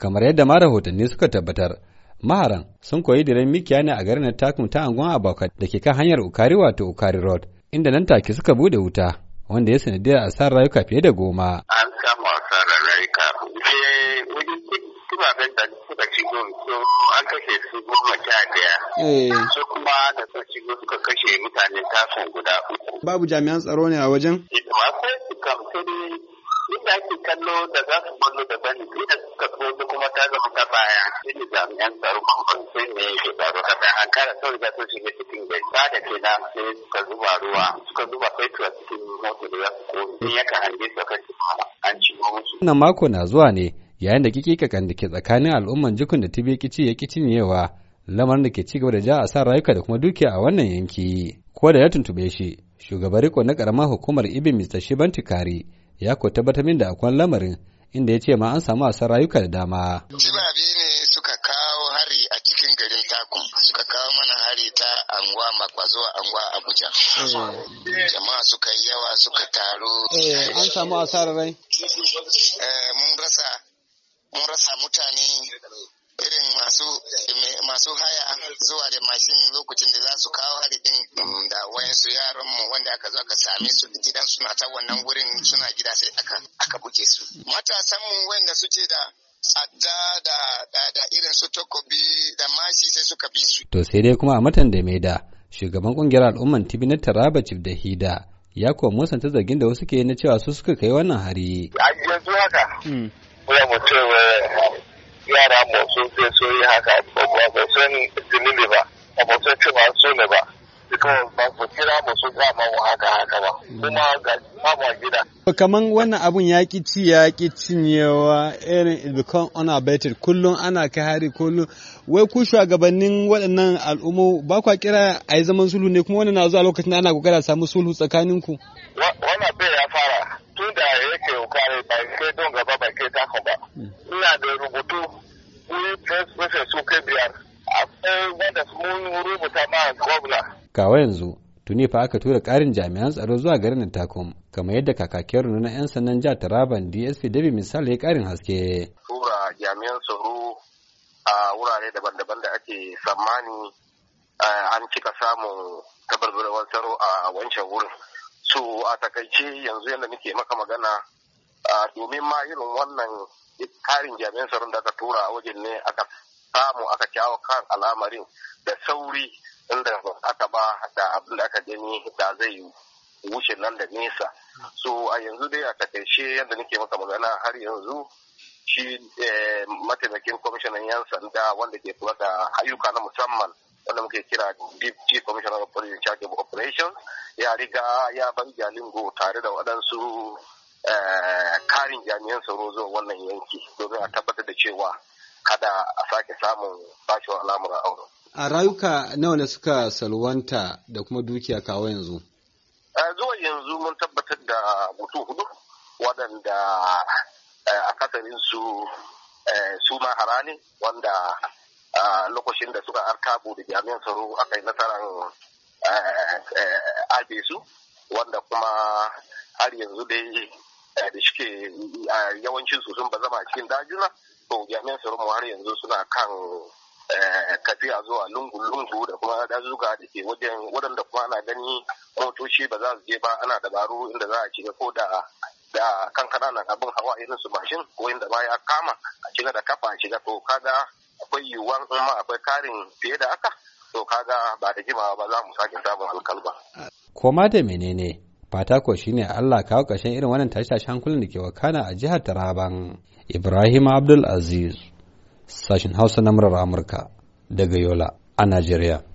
kamar yadda ma rahotanni suka tabbatar maharan sun koyi diren mikiya ne a garin takum ta angon aboka da ke kan hanyar ukari wato ukari road inda nan take suka bude wuta wanda ya sanadiyar asarar rayuka fiye da goma an samu asarar rayuka tubaben eh, da suka ci su an kashe su goma sha daya eh. su kuma da suka suka kashe mutane tasan guda uku babu jami'an tsaro ne a wajen eh, akwai su kamfani da kallo da za su kallo da bani sai da suka so kuma ta zama ta baya sai ne jami'an tsaro ban sai ne ya ke tsaro ka an kara sau da sun shiga cikin gari ba da ke na sai suka zuba ruwa suka zuba fetur a cikin mota da ya ko ni ya kan hange su kan an ci musu. Wannan mako na zuwa ne yayin da kakan da ke tsakanin al'umman jikun da tibe kici ya yawa lamarin da ke ci gaba da ja a sa rayuka da kuma dukiya a wannan yanki ko da ya tuntube shi shugaban riko na karamar hukumar ibi mr shibantikari kari. ya ko tabbatar min da akwai lamarin inda ya ce ma an samu asar rayuka da dama. Jibabi ne suka kawo hari a cikin garin takun suka kawo mana hari ta anguwa zuwa anguwa Abuja. Eh. Jama'a suka yawa suka taru. Eh, an samu asarar rai? Eh, da aka zo ka same su gidan suna ta wannan wurin suna gida sai aka aka buke su matasan mu wanda suke da tsada da da irin su takobi da mashi sai suka bi su to sai dai kuma a matan da mai da shugaban kungiyar al'umman tibi na taraba da hida ya kuwa musanta zargin da wasu ke na cewa su suka kai wannan hari a yanzu haka hmm. ya mu eh, yara mu sun sai so yi haka ba ba sun ne ba ba sun ce ba su ne ba kawai ba kira ba su gama haka haka ba kuma ga gida. kaman wannan abun ya ki ci ya ki cinyewa irin it become unabated kullum ana kai hari kullum wai ku shugabannin waɗannan al'ummu ba kwa kira a yi zaman sulhu ne kuma wannan na zuwa lokacin da ana kokara samu sulhu tsakanin ku. wannan bai ya fara tun da yake kare ba ke don gaba ba ke takon ba ina da rubutu ni press su kai biyar akwai wanda mun rubuta ma gwamna kawa yanzu tuni fa aka tura karin jami'an tsaro zuwa garin takum kamar yadda kakakiyar runa 'yan sannan jihar taraban dsp david misali ya karin haske tura jami'an tsaro a wurare daban-daban da ake tsammani an cika samun tabarbarewar tsaro a wancan wurin su a takaice yanzu yadda muke maka magana domin ma irin wannan karin jami'an tsaron da aka tura a wajen ne aka samu aka kyawo kan al'amarin da sauri inda aka ba da abin da aka gani da zai wuce nan da nesa so a yanzu dai a takaice yadda nake maka magana har yanzu shi eh, mataimakin kwamishinan yan sanda wanda ke kula da ayyuka na musamman wanda muke kira chief commissioner of police charge of operations ya riga ya bar jalingo tare da waɗansu eh, karin jami'an tsaro zuwa wannan yanki domin a tabbatar da cewa kada a sake samun wa al'amuran auro. A rayuka nawa ne suka salwanta da kuma dukiya kawo yanzu? Zuwa yanzu mun tabbatar da mutum hudu waɗanda eh, a kasarin su eh, su ma harani wanda lokacin da suka arkabu da jami'an tsaro aka yi nasarar eh, abe su wanda kuma har yanzu dai da ke yawancin su sun ba zama cikin dajuna to jami'an tsaron mu har yanzu suna kan eh, tafiya zuwa lungu-lungu da kuma zuga da ke wajen waɗanda kuma ana gani motoci ba za su je ba ana dabaru inda za a ci ko da da kan kananan abin hawa irin su mashin ko inda ba ya kama a shiga da kafa a shiga to kaga akwai yiwuwan in ma akwai karin fiye da haka to kaga ba da jimawa ba za mu sake samun alkalba. Koma da menene fata ko shine Allah kawo ƙarshen irin wannan tashi-tashi hankulan da ke wakana a jihar Taraban. Ibrahim Abdul Aziz, sashin Hausa na murar Amurka daga Yola a Najeriya.